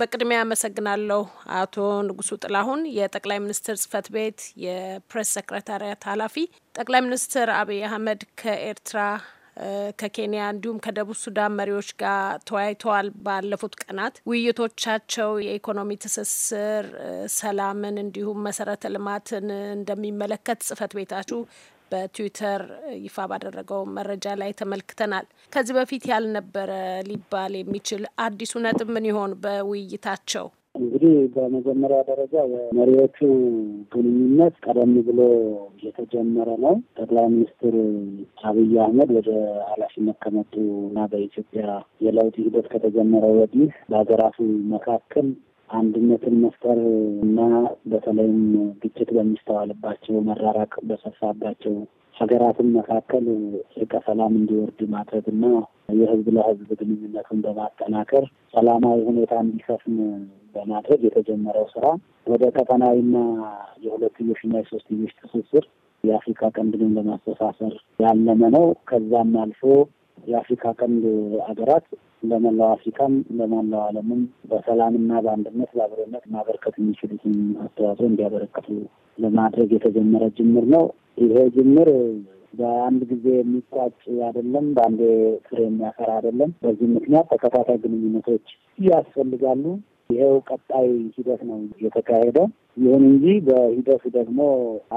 በቅድሚያ አመሰግናለሁ አቶ ንጉሱ ጥላሁን የጠቅላይ ሚኒስትር ጽህፈት ቤት የፕሬስ ሰክረታሪያት ኃላፊ። ጠቅላይ ሚኒስትር አብይ አህመድ ከኤርትራ ከኬንያ እንዲሁም ከደቡብ ሱዳን መሪዎች ጋር ተወያይተዋል። ባለፉት ቀናት ውይይቶቻቸው የኢኮኖሚ ትስስር፣ ሰላምን እንዲሁም መሰረተ ልማትን እንደሚመለከት ጽህፈት ቤታችሁ በትዊተር ይፋ ባደረገው መረጃ ላይ ተመልክተናል። ከዚህ በፊት ያልነበረ ሊባል የሚችል አዲሱ ነጥብ ምን ይሆን በውይይታቸው? እንግዲህ በመጀመሪያ ደረጃ የመሪዎቹ ግንኙነት ቀደም ብሎ የተጀመረ ነው። ጠቅላይ ሚኒስትር አብይ አህመድ ወደ ኃላፊነት ከመጡ እና በኢትዮጵያ የለውጥ ሂደት ከተጀመረ ወዲህ በሀገራቱ መካከል አንድነትን መፍጠር እና በተለይም ግጭት በሚስተዋልባቸው መራራቅ በሰፋባቸው ሀገራትን መካከል እርቀ ሰላም እንዲወርድ ማድረግ እና የህዝብ ለህዝብ ግንኙነቱን በማጠናከር ሰላማዊ ሁኔታ እንዲሰፍን በማድረግ የተጀመረው ስራ ወደ ቀጠናዊና የሁለትዮሽና የሶስትዮሽ ትስስር የአፍሪካ ቀንድን ለማስተሳሰር ያለመ ነው። ከዛም አልፎ የአፍሪካ ቀንድ ሀገራት ለመላው አፍሪካም ለመላው ዓለምም በሰላምና በአንድነት በአብሮነት ማበርከት የሚችሉትን አስተዋጽኦ እንዲያበረክቱ ለማድረግ የተጀመረ ጅምር ነው። ይሄ ጅምር በአንድ ጊዜ የሚቋጭ አይደለም። በአንድ ፍሬ የሚያፈራ አይደለም። በዚህ ምክንያት ተከታታይ ግንኙነቶች ያስፈልጋሉ። ይኸው ቀጣይ ሂደት ነው እየተካሄደ ይሁን እንጂ በሂደቱ ደግሞ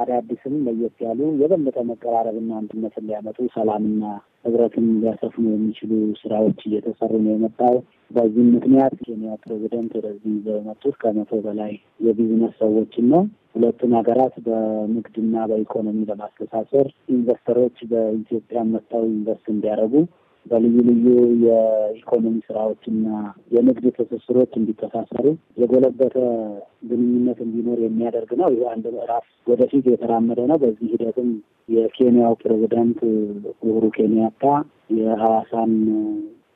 አዳዲስም ለየት ያሉ የበለጠ መቀራረብና አንድነትን ሊያመጡ ሰላምና ህብረትን ሊያሰፍኑ የሚችሉ ስራዎች እየተሰሩ ነው የመጣው። በዚህም ምክንያት ኬንያ ፕሬዚደንት ወደዚህ ይዘው የመጡት ከመቶ በላይ የቢዝነስ ሰዎችን ነው። ሁለቱን ሀገራት በንግድና በኢኮኖሚ ለማስተሳሰር ኢንቨስተሮች በኢትዮጵያ መጥተው ኢንቨስት እንዲያደርጉ በልዩ ልዩ የኢኮኖሚ ስራዎችና የንግድ ትስስሮች እንዲተሳሰሩ የጎለበተ ግንኙነት እንዲኖር የሚያደርግ ነው። ይህ አንድ ምዕራፍ ወደፊት የተራመደ ነው። በዚህ ሂደትም የኬንያው ፕሬዚዳንት ኡሁሩ ኬንያታ የሐዋሳን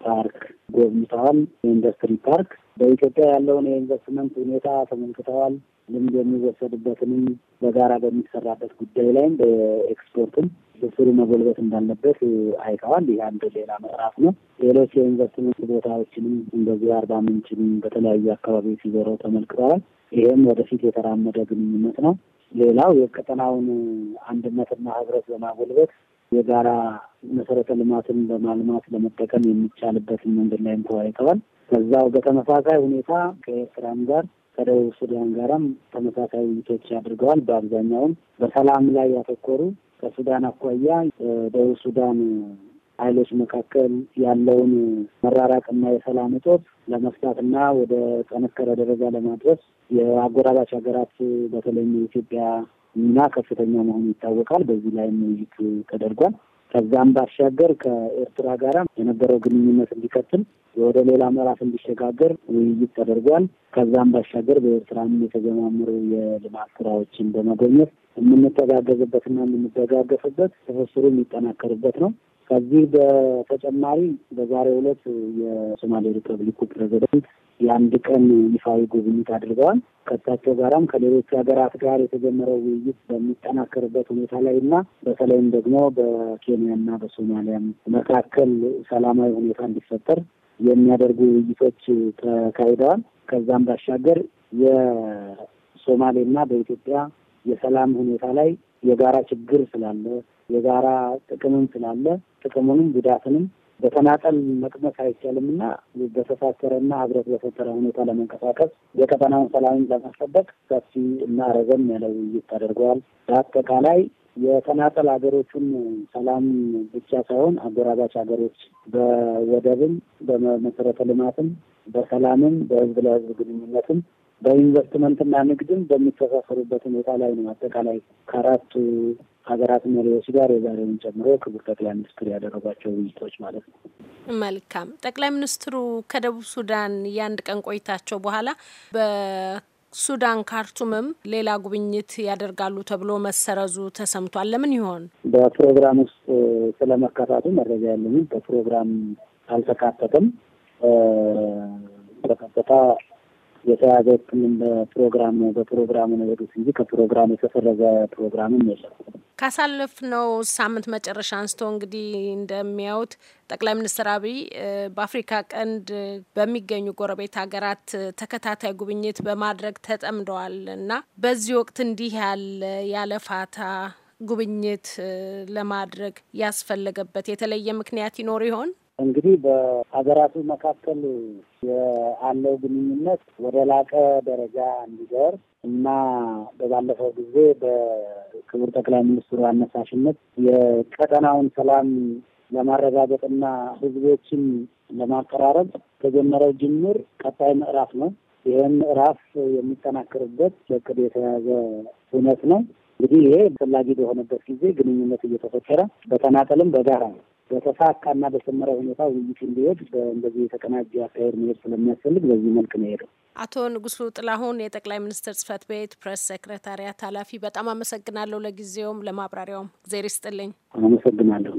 ፓርክ ጎብኝተዋል። የኢንዱስትሪ ፓርክ በኢትዮጵያ ያለውን የኢንቨስትመንት ሁኔታ ተመልክተዋል። ልምድ የሚወሰድበትንም በጋራ በሚሰራበት ጉዳይ ላይም በኤክስፖርትም ስሩ መጎልበት እንዳለበት አይተዋል። ይህ አንድ ሌላ ምዕራፍ ነው። ሌሎች የኢንቨስትመንት ቦታዎችንም እንደዚህ አርባ ምንጭን በተለያዩ አካባቢዎች ሲዞረው ተመልክተዋል። ይህም ወደፊት የተራመደ ግንኙነት ነው። ሌላው የቀጠናውን አንድነትና ህብረት በማጎልበት የጋራ መሰረተ ልማትን በማልማት ለመጠቀም የሚቻልበትን መንገድ ላይም ተወያይተዋል። ከዛው በተመሳሳይ ሁኔታ ከኤርትራም ጋር ከደቡብ ሱዳን ጋርም ተመሳሳይ ውይይቶች አድርገዋል። በአብዛኛውም በሰላም ላይ ያተኮሩ ከሱዳን አኳያ ደቡብ ሱዳን ኃይሎች መካከል ያለውን መራራቅና የሰላም እጦት ለመፍታትና ወደ ጠነከረ ደረጃ ለማድረስ የአጎራባች ሀገራት በተለይም የኢትዮጵያ ሚና ከፍተኛ መሆኑ ይታወቃል። በዚህ ላይም ውይይት ተደርጓል። ከዛም ባሻገር ከኤርትራ ጋራ የነበረው ግንኙነት እንዲቀጥል ወደ ሌላ ምዕራፍ እንዲሸጋገር ውይይት ተደርጓል። ከዛም ባሻገር በኤርትራም የተጀማመሩ የልማት ስራዎችን በመጎብኘት የምንተጋገዝበትና የምንደጋገፍበት ትስስሩ የሚጠናከርበት ነው። ከዚህ በተጨማሪ በዛሬው ዕለት የሶማሌ ሪፐብሊኩ ፕሬዚደንት የአንድ ቀን ይፋዊ ጉብኝት አድርገዋል። ከእሳቸው ጋራም ከሌሎች ሀገራት ጋር የተጀመረው ውይይት በሚጠናከርበት ሁኔታ ላይ እና በተለይም ደግሞ በኬንያና በሶማሊያ መካከል ሰላማዊ ሁኔታ እንዲፈጠር የሚያደርጉ ውይይቶች ተካሂደዋል። ከዛም ባሻገር የሶማሌና በኢትዮጵያ የሰላም ሁኔታ ላይ የጋራ ችግር ስላለ የጋራ ጥቅምም ስላለ ጥቅሙንም ጉዳትንም በተናጠል መቅመስ አይቻልም እና በተሳሰረና ህብረት በፈጠረ ሁኔታ ለመንቀሳቀስ የቀጠናውን ሰላምን ለማስጠበቅ ሰፊ እና ረዘም ያለ ውይይት ተደርገዋል። በአጠቃላይ የተናጠል ሀገሮቹን ሰላም ብቻ ሳይሆን አጎራባች ሀገሮች በወደብም፣ በመሰረተ ልማትም፣ በሰላምም፣ በህዝብ ለህዝብ ግንኙነትም በኢንቨስትመንትና ንግድም በሚተሳሰሩበት ሁኔታ ላይ ነው። አጠቃላይ ከአራቱ ሀገራት መሪዎች ጋር የዛሬውን ጨምሮ ክቡር ጠቅላይ ሚኒስትር ያደረጓቸው ውይይቶች ማለት ነው። መልካም ጠቅላይ ሚኒስትሩ ከደቡብ ሱዳን የአንድ ቀን ቆይታቸው በኋላ በሱዳን ካርቱምም ሌላ ጉብኝት ያደርጋሉ ተብሎ መሰረዙ ተሰምቷል። ለምን ይሆን? በፕሮግራም ውስጥ ስለመካታቱ መረጃ ያለኝ በፕሮግራም አልተካተተም። በቀጥታ የተያዘ ህክምን በፕሮግራም ነው። በፕሮግራሙ ነው ሄዱት እንጂ ከፕሮግራም የተሰረዘ ፕሮግራምም የለም። ካሳለፍነው ሳምንት መጨረሻ አንስቶ እንግዲህ እንደሚያዩት ጠቅላይ ሚኒስትር አብይ በአፍሪካ ቀንድ በሚገኙ ጎረቤት ሀገራት ተከታታይ ጉብኝት በማድረግ ተጠምደዋል እና በዚህ ወቅት እንዲህ ያለ ያለ ፋታ ጉብኝት ለማድረግ ያስፈለገበት የተለየ ምክንያት ይኖር ይሆን? እንግዲህ በሀገራቱ መካከል ያለው ግንኙነት ወደ ላቀ ደረጃ እንዲደርስ እና በባለፈው ጊዜ በክቡር ጠቅላይ ሚኒስትሩ አነሳሽነት የቀጠናውን ሰላም ለማረጋገጥና ሕዝቦችን ለማቀራረብ የተጀመረው ጅምር ቀጣይ ምዕራፍ ነው። ይህም ምዕራፍ የሚጠናከርበት በቅድ የተያዘ እውነት ነው። እንግዲህ ይሄ አስፈላጊ በሆነበት ጊዜ ግንኙነት እየተፈጠረ በተናጠልም በጋራ ነው በተሳካና በሰመረ ሁኔታ ውይይቱ እንዲሄድ እንደዚህ የተቀናጀ አካሄድ መሄድ ስለሚያስፈልግ በዚህ መልክ ነው ሄደው። አቶ ንጉሱ ጥላሁን የጠቅላይ ሚኒስትር ጽህፈት ቤት ፕሬስ ሴክሬታሪያት ኃላፊ፣ በጣም አመሰግናለሁ። ለጊዜውም ለማብራሪያውም እግዜር ይስጥልኝ። አመሰግናለሁ።